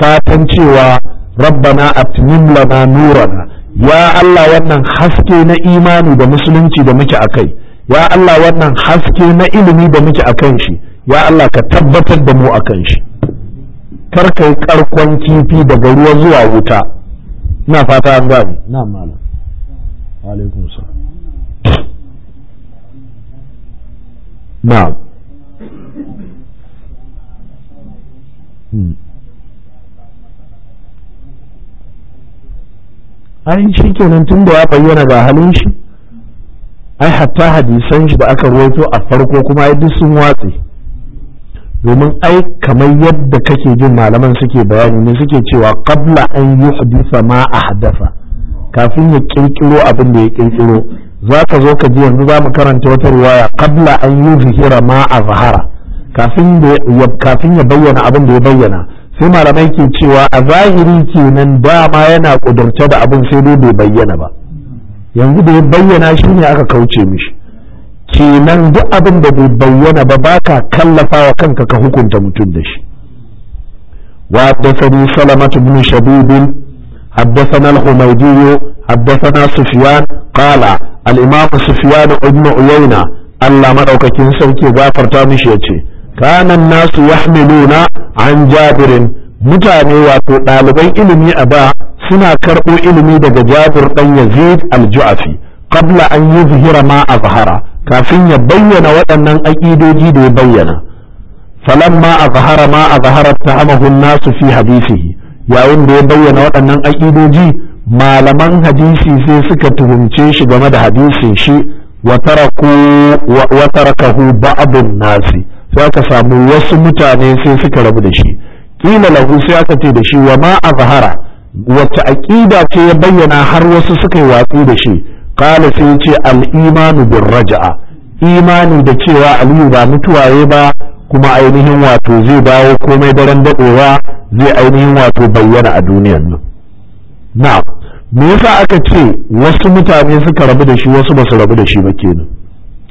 fatan cewa rabbana atmim lana nurana ya Allah wannan haske na imani da musulunci da muke akai ya Allah wannan haske na ilimi da muke akan shi ya Allah ka tabbatar da mu akan shi kar ka yi karkon kifi daga ruwa zuwa wuta ina fata an gane na malam alaikum salam na'am hmm. ai shi kenan tun da ya bayyana ga halin shi ai hatta hadisan shi da aka ruwaito a farko kuma ai duk sun watse domin ai kamar yadda kake jin malaman suke bayani ne suke cewa qabla an yuhdisa ma ahdafa kafin ya kirkiro abin da ya kirkiro za ka zo ka ji yanzu za mu karanta wata riwaya qabla an zihira ma azhara kafin ya kafin ya bayyana abin da ya bayyana sai malamai ke cewa a zahiri kenan ba ma yana kudurta da abin sai dai bai bayyana ba yanzu da ya bayyana shine aka kauce mishi kenan duk abin da bai bayyana ba baka kallafa wa kanka ka hukunta mutum da shi وحدثني سلمة بن شبيب حدثنا الحميدي حدثنا سفيان قال الإمام سفيان بن عيينة الله مدوككين سوكي غافر تامشيتي كان الناس يحملون عن جابر mutane wato ɗaliban ilimi a ba suna karɓo ilimi daga jabir ɗan yazid al-ju'afi qabla an zihira ma azhara kafin ya bayyana waɗannan aƙidoji da ya bayyana ma a zahara ma a zahara ta amahun nasu fi hadisi. yayin da ya bayyana waɗannan aƙidoji malaman hadisi sai suka tuhumce shi game da hadisin shi wa tarakahu ba'dun nasi sai aka samu wasu mutane sai suka rabu da shi kila lahu sai aka ce da shi wa ma a zahara wacce aƙida ce ya bayyana har wasu suka yi watsi da shi kala sai ce al bin raja'a imani da cewa aliyu ba mutuwaye ba kuma ainihin wato zai dawo komai daren dadewa zai ainihin wato bayyana a duniyar nan na me yasa aka ce wasu mutane suka rabu da shi wasu ba su rabu da shi ba kenan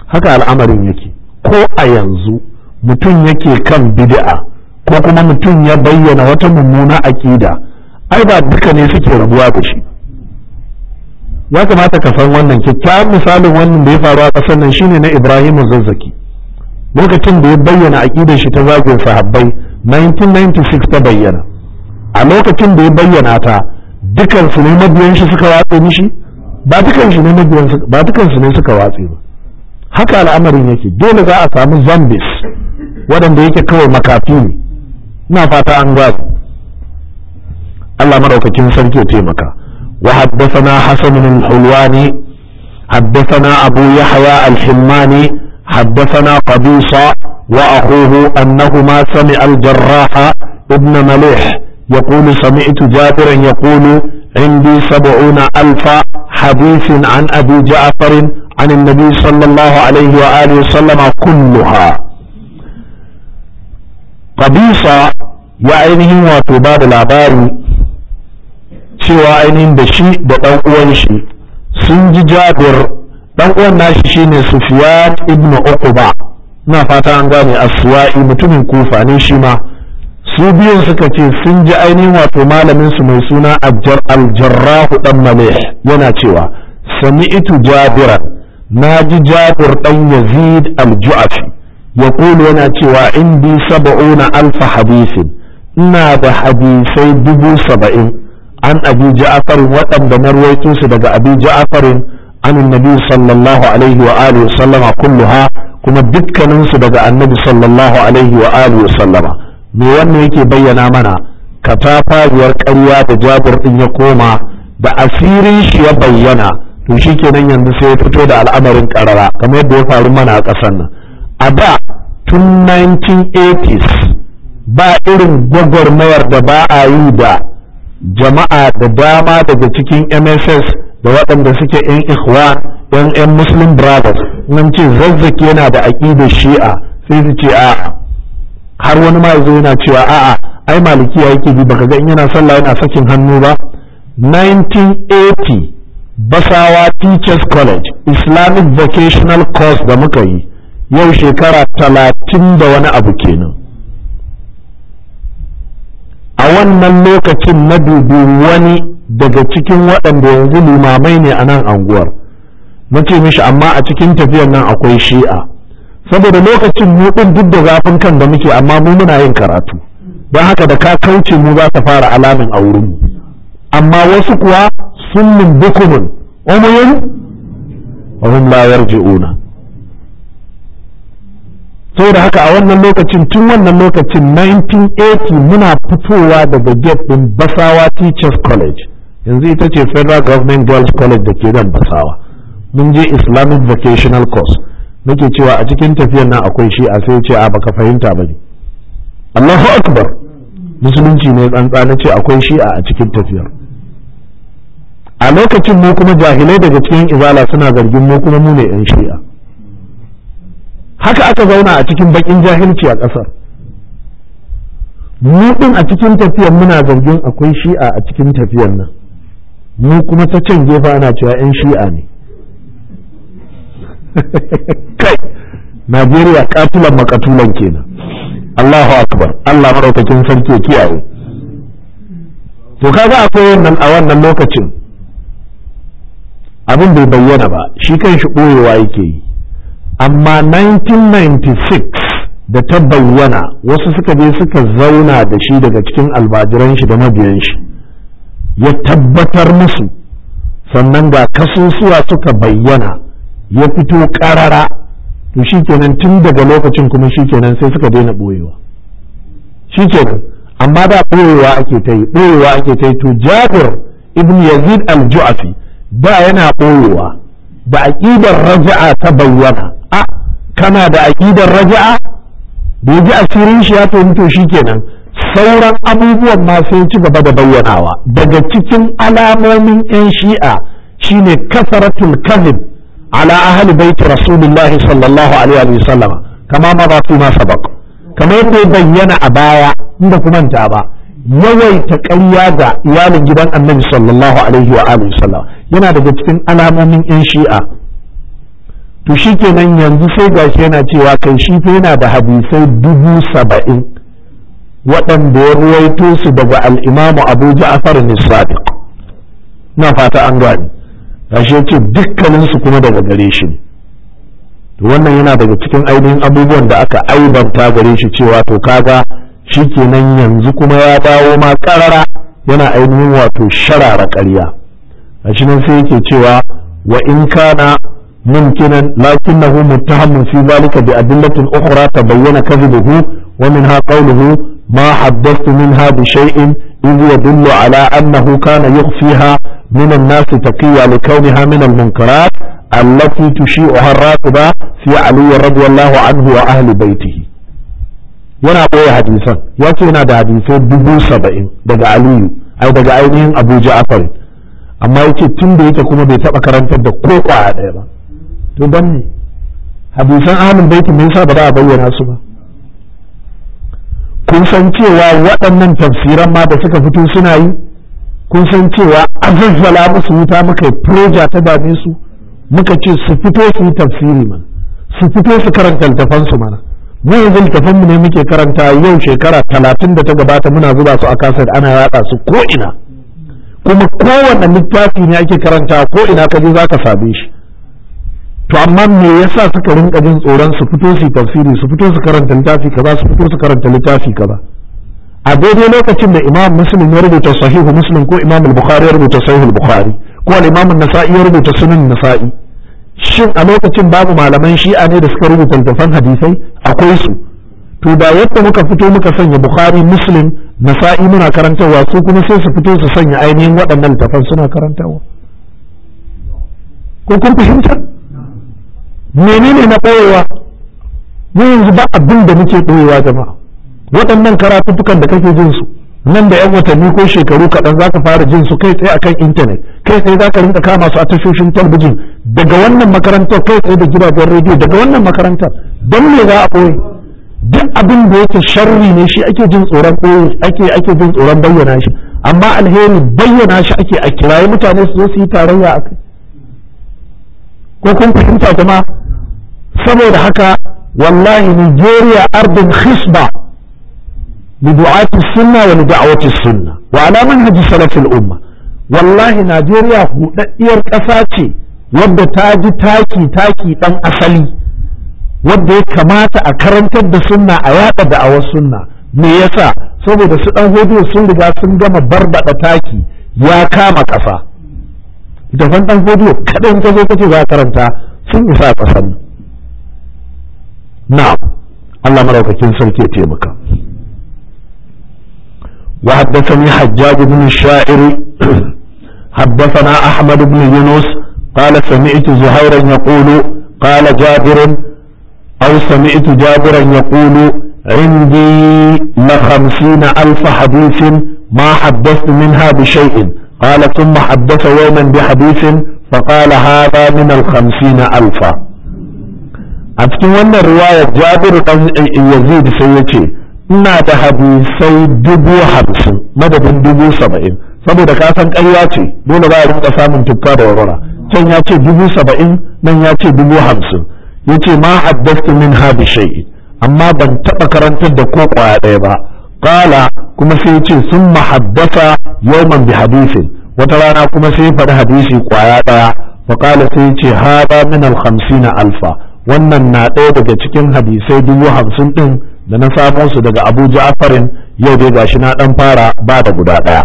haka al'amarin yake ko a yanzu mutum yake kan bid'a ko kuma mutum ya bayyana wata mummuna aƙida ai ba duka ne suke rabuwa da shi ya kamata ka san wannan kyakkyawan misalin wannan da ya faru a ƙasar nan shine na Ibrahim Zazzaki lokacin da ya bayyana aƙidar shi ta zagin sahabbai 1996 ta bayyana a lokacin da ya bayyana ta dukan su ne mabiyan shi suka watse mishi ba dukan shi ne mabiyan su ba dukan su ne suka watse ba haka al'amarin yake dole za a samu zambis waɗanda yake kawai makafi ne ina fata an gwazo Allah madaukakin sarki ya taimaka وحدثنا حسن الحلواني حدثنا أبو يحيى الحماني حدثنا قبيصة وأخوه أنهما سمع الجراح ابن مليح يقول سمعت جابرا يقول عندي سبعون ألف حديث عن أبي جعفر عن النبي صلى الله عليه وآله وسلم كلها قبيصة وعينه عينه وتباب العباري cewa ainihin da shi da ɗan uwan shi sun ji jabir ɗan uwan nashi shine sufiyat ibn uquba ina fata an gane aswa'i mutumin kufa ne shi ma su biyun suka ce sun ji ainihin wato malamin su mai suna aljarrahu dan malih yana cewa sami'tu jabira na ji jabir dan yazid ya يقول yana cewa عندي سبعون ألف hadisin ina da hadisai dubu saba'in an abi ja'farin waɗanda na ruwaito su daga abi ja'farin an annabi sallallahu alaihi wa alihi sallama kulluha kuma dukkanin su daga annabi sallallahu alaihi wa alihi sallama me wannan yake bayyana mana katafariyar ƙarya da jabur din ya koma da asirin shi ya bayyana to shikenan yanzu sai ya fito da al'amarin karara kamar yadda ya faru mana a ƙasar nan a da tun 1980s ba irin gwagwarmayar da ba a yi da jama'a da dama daga cikin mss da waɗanda suke 'yan ikhwa 'yan 'yan muslim brothers nan ce zazzaki yana da aƙidar shi'a sai su ce a har wani ma zo yana cewa a'a ai maliki ya yake bi baka ga in yana sallah yana sakin hannu ba 1980 basawa teachers college islamic vocational course da muka yi yau shekara talatin da wani abu kenan a wannan lokacin na dubi wani daga cikin waɗanda yanzu limamai ne a nan anguwar muke mishi amma a cikin tafiyan nan akwai shi'a saboda lokacin mu din duk da zafin kan da muke amma mu muna yin karatu don haka da ka kauce mu za ta fara alamin a wurin amma wasu kuwa sunnin bukumin umuyin wa hum la yarji'una to da haka a wannan lokacin tun wannan lokacin 1980 muna fitowa daga gate din basawa teachers college yanzu ita ce federal government girls college da ke nan basawa mun je islamic vocational course nake cewa a cikin tafiyar nan akwai shi a sai ce a baka fahimta ba ne allahu akbar musulunci ne tsantsa ce akwai shi a cikin tafiyar a lokacin mu kuma jahilai daga cikin izala suna zargin mu kuma mu ne yan shi'a haka aka zauna a cikin bakin jahilci a ƙasar mu ɗin a cikin tafiyar muna zargin akwai shi'a a cikin tafiyar nan mu kuma ta can gefa ana cewa 'yan shi'a ne kai najeriya katulan makatulan kenan allahu akbar allah maraukakin sarki kiyaye to kaga akwai wannan a wannan lokacin abin bai bayyana ba shi kan shi ɓoyewa yake yi amma 1996 da ta bayyana wasu suka je suka zauna da shi daga cikin albajiran shi da mabiyan shi ya tabbatar musu sannan ga kasusuwa suka bayyana ya fito karara to shikenan tun daga lokacin kuma shikenan sai suka daina boyewa shikenan amma da boyewa ake ta yi boyewa ake ta yi to jabir ibn yazid al-ju'afi da yana boyewa da aƙidar raja'a ta bayyana a kana da aƙidar raja'a da ji asirin shi ya fahimto shi kenan sauran abubuwan ma sai ci gaba da bayyanawa daga cikin alamomin 'yan shi'a shine kasaratul kazib ala ahli baiti rasulullahi sallallahu alaihi wa sallama kama ma ba su ma sabaq kamar yadda bayyana a baya inda kuma ta ba yawaita ƙarya ga iyalin gidan annabi sallallahu alaihi wa alihi sallam yana daga cikin alamomin yan shi'a to shi kenan yanzu sai gashi yana cewa kai shi fa yana da hadisai dubu saba'in waɗanda ya ruwaito su daga al'imamu abu ja'far nisadiq na fata an gani gashi yace dukkanin su kuma daga gare shi to wannan yana daga cikin ainihin abubuwan da aka aibanta gare shi cewa to kaga shi kenan yanzu kuma ya dawo ma yana ainihin wato sharara karya a shi nan sai yake cewa wa in kana mumkinan lakin na hu fi zalika bi adillatin ukhra ta bayyana kadhibuhu wa min ha qawluhu ma haddathtu min hadhi shay'in iz yadullu ala annahu kana yukhfiha min an-nas taqiya li kawniha min al-munkarat allati tushi'uha ar-raqiba fi ali radiyallahu anhu wa ahli baytihi yana koya hadisan ya ce yana da hadisai dubu saba'in daga aliyu ai daga ainihin abu ja'afar amma ya ce tun da yake kuma bai taɓa karantar da ko a ɗaya ba to don ne hadisan ahalin baiti me yasa ba za a bayyana su ba kun san cewa waɗannan tafsiran ma da suka fito suna yi kun san cewa azazzala musu wuta muka yi proja ta dame su muka ce su fito su yi tafsiri mana su fito su karanta littafansu mana mu yanzu littafin mu ne muke karanta yau shekara talatin da ta gabata muna zuba su a kasar ana yatsa su ko ina kuma kowane littafi ne ake karanta ko ina ka je za ka same shi to amma me yasa suka rinka jin tsoron su fito su tafsiri su fito su karanta littafi kaza su fito su karanta littafi kaza a daidai lokacin da imam muslim ya rubuta sahihu muslim ko imam bukhari ya rubuta sahihu bukhari ko al-imam an-nasa'i ya rubuta sunan nasa'i shin a lokacin babu malaman shi'a ne da suka rubuta littattafan hadisai akwai su to da yadda muka fito muka sanya bukhari muslim nasa'i muna karantarwa su kuma sai su fito su sanya ainihin waɗannan littattafan suna karantarwa ko kun fahimta menene na ɓoyewa mu yanzu ba abin da muke ɓoyewa jama'a waɗannan karatuttukan da kake jin su nan da 'yan watanni ko shekaru kaɗan za ka fara jin su kai tsaye kan intanet kai tsaye za ka rinka kama su a tashoshin talbijin daga wannan makarantar kai tsaye da gidajen rediyo daga wannan makarantar don me za a ɓoye duk abin da yake sharri ne shi ake jin tsoron ake ake jin tsoron bayyana shi amma alheri bayyana shi ake a kiraye mutane su zo su yi tarayya a kai ko kun fahimta kuma saboda haka wallahi Nigeria ardin hisba lidu'ati sunna wa lida'awati sunna wa ala manhaji salafil umma wallahi Najeriya hudaddiyar ƙasa ce wadda ta ji taki taki ɗan asali wadda ya kamata a karantar da sunna a yaɗa yada da'awar sunna me yasa saboda su dan hodiyo sun riga sun gama barbada taki ya kama ƙasa da fan dan hodiyo kadan ka zo kace za karanta sun isa ƙasar na'am Allah maraukakin sarki ya taimaka وحدثني حجاج بن الشاعر حدثنا أحمد بن يونس قال سمعت زهيرا يقول قال جابر أو سمعت جابرا يقول عندي لخمسين ألف حديث ما حدثت منها بشيء قال ثم حدث يوما بحديث فقال هذا من الخمسين ألفا أفتوانا رواية جابر يزيد سيتي ina da hadisai dubu hamsin madadin dubu saba'in saboda kasan san ƙarya ce dole ba a rinka samun tufka da warwara can ya ce dubu saba'in nan ya ce dubu hamsin ya ce ma haddasta min hadi shaii amma ban taɓa karantar da ko kwaya ɗaya ba kala kuma sai ce sun mahaddasa yawman bi hadisin wata rana kuma sai faɗi hadisi kwaya ɗaya fa kala sai ce hada min al alfa wannan na ɗaya daga cikin hadisai dubu hamsin ɗin da na samo su daga Abu Ja'farin yau dai gashi na dan fara ba da guda daya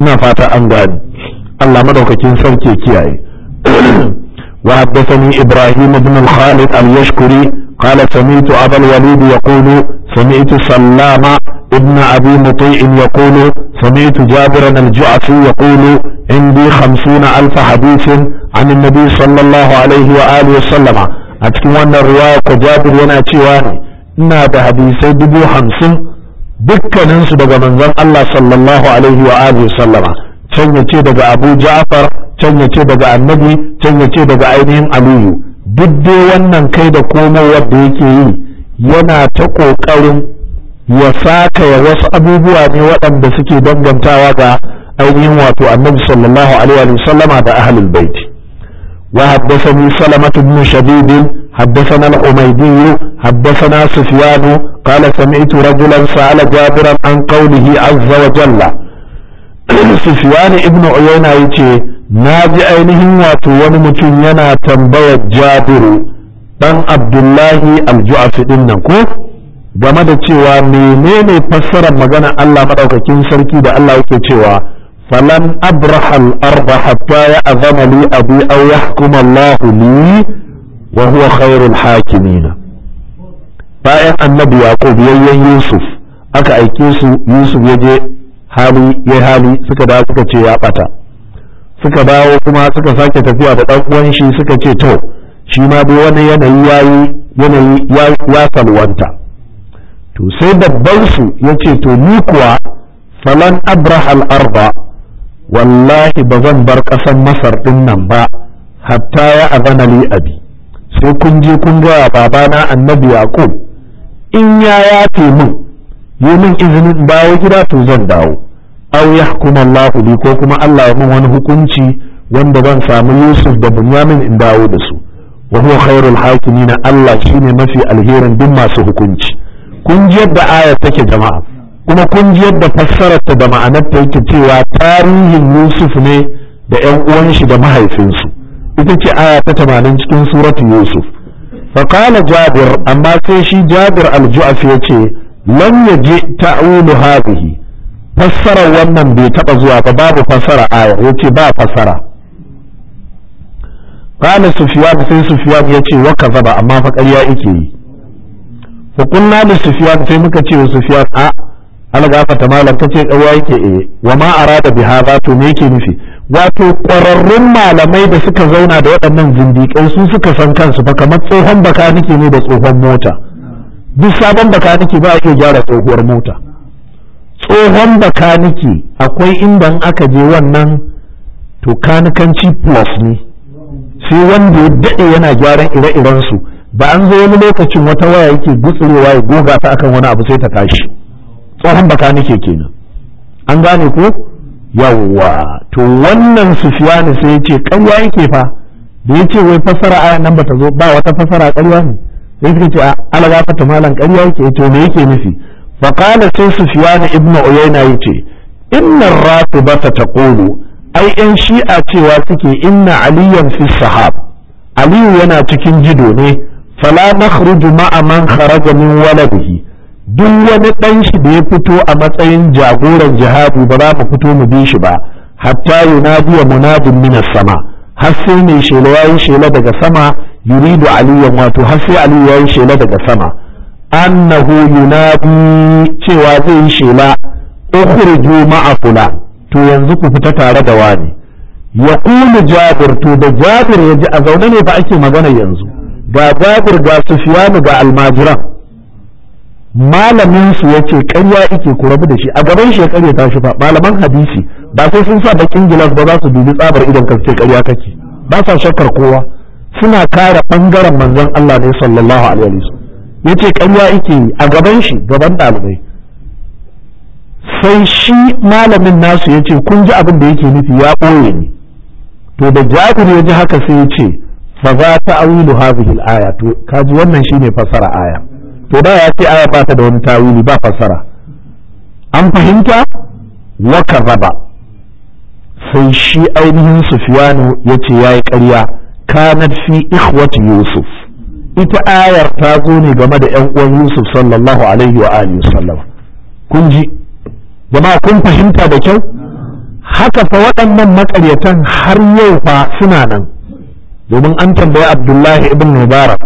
ina fata an gani Allah madaukakin sarki kiyaye wa haddathani Ibrahim ibn al-Khalid al-Yashkuri قال سمعت أبا الوليد يقول سمعت سلام ابن أبي مطيع يقول سمعت جابرا الجعفي يقول عندي خمسون ألف حديث عن النبي صلى الله عليه وآله وسلم أتكلم أن الرواية جابر وناتي واني ina da hadisai dubu hamsin dukkaninsu daga manzon Allah sallallahu alaihi wa alihi sallama can ya ce daga Abu Ja'far can ya ce daga Annabi can ya ce daga ainihin Aliyu duk dai wannan kai da komai wanda yake yi yana ta ƙoƙarin ya saka ya wasu abubuwa ne waɗanda suke dangantawa ga ainihin wato annabi sallallahu alaihi wa sallama da ahlul bait wa haddathani salamatu bin shabib حدثنا الحميدي حدثنا سفيان قال سمعت رجلا سأل جابرا عن قوله عز وجل سفيان ابن عيينة يتي ناجي أينهم wani mutum yana تنبوى جابر dan abdullahi alju'afi din nan ko game da cewa menene fassarar magana Allah madaukakin sarki da Allah yake cewa falan abrahal arba hatta ya azama li abi aw yahkum Allah li wa huwa khairul hakimina bayan annabi yaqub yayyan yusuf aka aike su yusuf ya je hali ya hali suka dawo suka ce ya bata suka dawo kuma suka sake tafiya da dan uwan shi suka ce to shi ma dai wani yanayi yayi yanayi ya salwanta to sai babban su yace to ni kuwa falan abrahal arba wallahi ba zan bar ƙasan masar ɗin nan ba hatta ya azana li abi sai kun je kun gaya babana annabi yaqub in ya yafe min yi min izinin in dawo gida to zan dawo aw yahkuma Allah bi ko kuma Allah ya min wani hukunci wanda zan samu Yusuf da Bunyamin in dawo da su wa huwa khairul hakimin Allah shine mafi alherin duk masu hukunci kun ji yadda aya take jama'a kuma kun ji yadda ta da ma'anarta yake cewa tarihin Yusuf ne da yan uwan shi da mahaifinsu ita ce aya ta tamanin cikin suratu yusuf faƙala jabir amma sai shi jabir alju'af ya ce lam ya je ta'ulu hadhihi fassara wannan bai taɓa zuwa ba babu fassara aya ya ce ba fassara qala sufyan sai sufiya ya ce wa zaba amma fa ƙarya yake yi fa kunna li sai muka ce wa sufiya a algafata malam kace ƙarya yake eh wa ma'ara da bi hadha to me yake nufi wato ƙwararrun malamai da suka zauna da waɗannan zindikai su suka san kansu ba kamar tsohon bakanike ne da tsohon mota duk sabon bakanike ba a iya gyara tsohuwar mota tsohon bakanike akwai inda aka je wannan to kanikanci plus ne sai wanda ya daɗe yana gyaran ire-iren su ba an zo wani lokacin wata waya yake gutsurewa ya goga ta akan wani abu sai ta tashi tsohon bakanike kenan an gane ko yawwa to wannan sufiyani sai ya ce ƙarya yake fa da ya ce wai fassara aya nan bata zo ba wata fassara ƙarya ne sai suka ce alaga fata malam ƙarya yake to me yake nufi fa qala sai sufiyani ibn uyayna yace inna ar ta taqulu ai yan shi'a cewa suke inna aliyan fi sahab aliyu yana cikin jido ne fala nakhruju ma'a man kharaja min waladihi duk wani ɗan shi da ya fito a matsayin jagoran jihadi ba za mu fito mu bi shi ba hatta yunadi wa munadin minas sama har sai mai shela yayi shela daga sama yuridu aliyan wato har sai ali yayi shela daga sama annahu yunadi cewa zai yi shela ukhruju ma'a kula. to yanzu ku fita tare da wani ya jabir to da jabir ya ji a zaune ne ba ake magana yanzu ga jabir ga sufiyanu ga almajiran malamin su yace ƙarya yake ku rabu da shi a gaban shi ya ƙarya ta shi ba malaman hadisi ba sai sun sa bakin gilas ba za su dubi tsabar idan ka ce ƙarya kake ba sa shakkar kowa suna kare bangaren manzon Allah ne sallallahu alaihi wasallam yace ƙarya yake a gaban shi gaban ɗalibai sai shi malamin nasu yace kun ji abin da yake nufi ya ɓoye ni to da Jabir ya ji haka sai ya ce fa za ta awilu hadhihi al-aya to kaji wannan shine fasara aya to da ya ce aya ba ta da wani tawili ba fassara an fahimta wa kazaba sai shi ainihin sufiyanu ya ce ya yi ƙarya kanat fi ikhwati yusuf ita ayar ta zo ne game da yan uwan yusuf sallallahu alaihi wa alihi sallam kun ji jama'a kun fahimta da kyau haka fa waɗannan maƙaryatan har yau fa suna nan domin an tambayi abdullahi ibn mubarak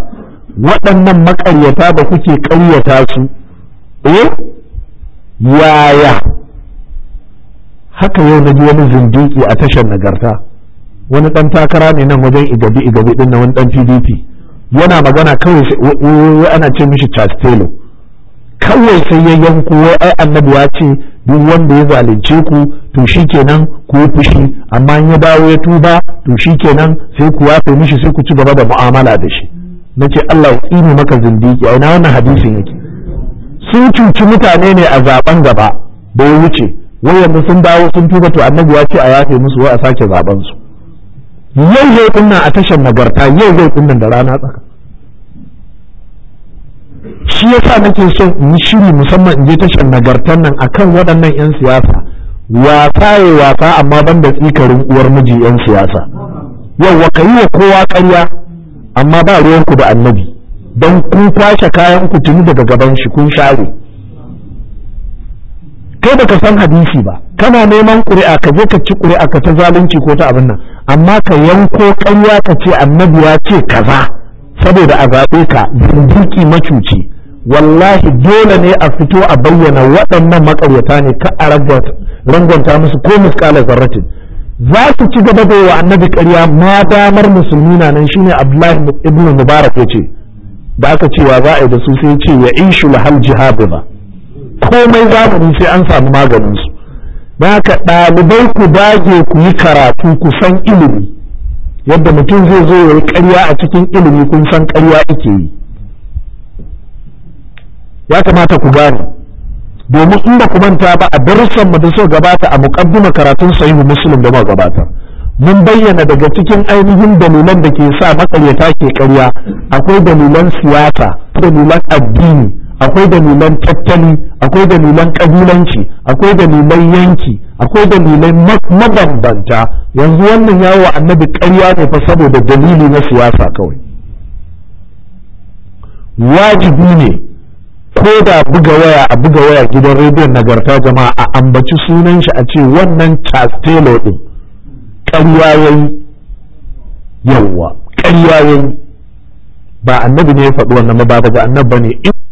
waɗannan maƙaryata ba kuke ƙaryata su eh yaya haka yau na ji wani zindiki a tashar nagarta wani ɗan takara ne nan wajen igabi igabi ɗin na wani ɗan pdp yana magana kawai sai ana ce mishi chastelo kawai sai ya yanko wai ai annabi ya ce duk wanda ya zalunce ku to shikenan ku yi fushi amma in ya dawo ya tuba to shikenan sai ku yafe mishi sai ku ci gaba da mu'amala da shi na ce Allah ya tsini maka zindiki a ina wannan hadisin yake sun cuci mutane ne a zaben gaba da ya wuce wai yanzu sun dawo sun tuba to annabi ya ce a yafe musu wai a sake zaben su yau zai kunna a tashar nagarta yau zai kunna da rana tsaka shi yasa nake son in yi shiri musamman in je tashar nagartar nan akan waɗannan 'yan siyasa wasa ya wasa amma ban da tsikarin uwar miji 'yan siyasa yau wa yi wa kowa karya amma ba ruwanku da annabi don kun kwashe kayan ku tuni daga gaban shi kun share kai baka san hadisi ba kana neman ƙuri'a ka je ka ci ƙuri'a ka ta zalunci ko ta abin nan amma ka yanko ƙarya ka ce annabi ya ce kaza saboda a zaɓe ka zindiki macuci wallahi dole ne a fito a bayyana waɗannan maƙaryata ne ka a rangwanta musu ko misƙalar zarratin za su ci gaba da wa annabi ƙarya ma damar musulmi na nan shine abdullahi ibn mubarak ya ce da aka cewa za a yi da su sai ce ya ishu lahal jihadu ba komai zamani sai an samu maganin su don ɗalibai ku dage ku yi karatu ku san ilimi yadda mutum zai zo ya yi ƙarya a cikin ilimi kun san ƙarya ake yi ya kamata ku gane domin in ba ku manta ba a darussan mu da suka gabata a muqaddima karatun sahihu muslim da muka gabata, mun bayyana daga cikin ainihin dalilan da ke sa makaryata ke karya akwai dalilan siyasa dalilan addini akwai dalilan tattali akwai dalilan kabilanci akwai dalilan yanki akwai dalilan mabambanta yanzu wannan yawo annabi karya ne fa saboda dalili na siyasa kawai wajibi ne ko da buga waya a buga waya gidan rediyon nagarta jama'a a ambaci sunan shi a ce wannan castello din ƙaryayen yawa ƙaryayen ba annabi ne ya faɗi wannan ba daga annabi ne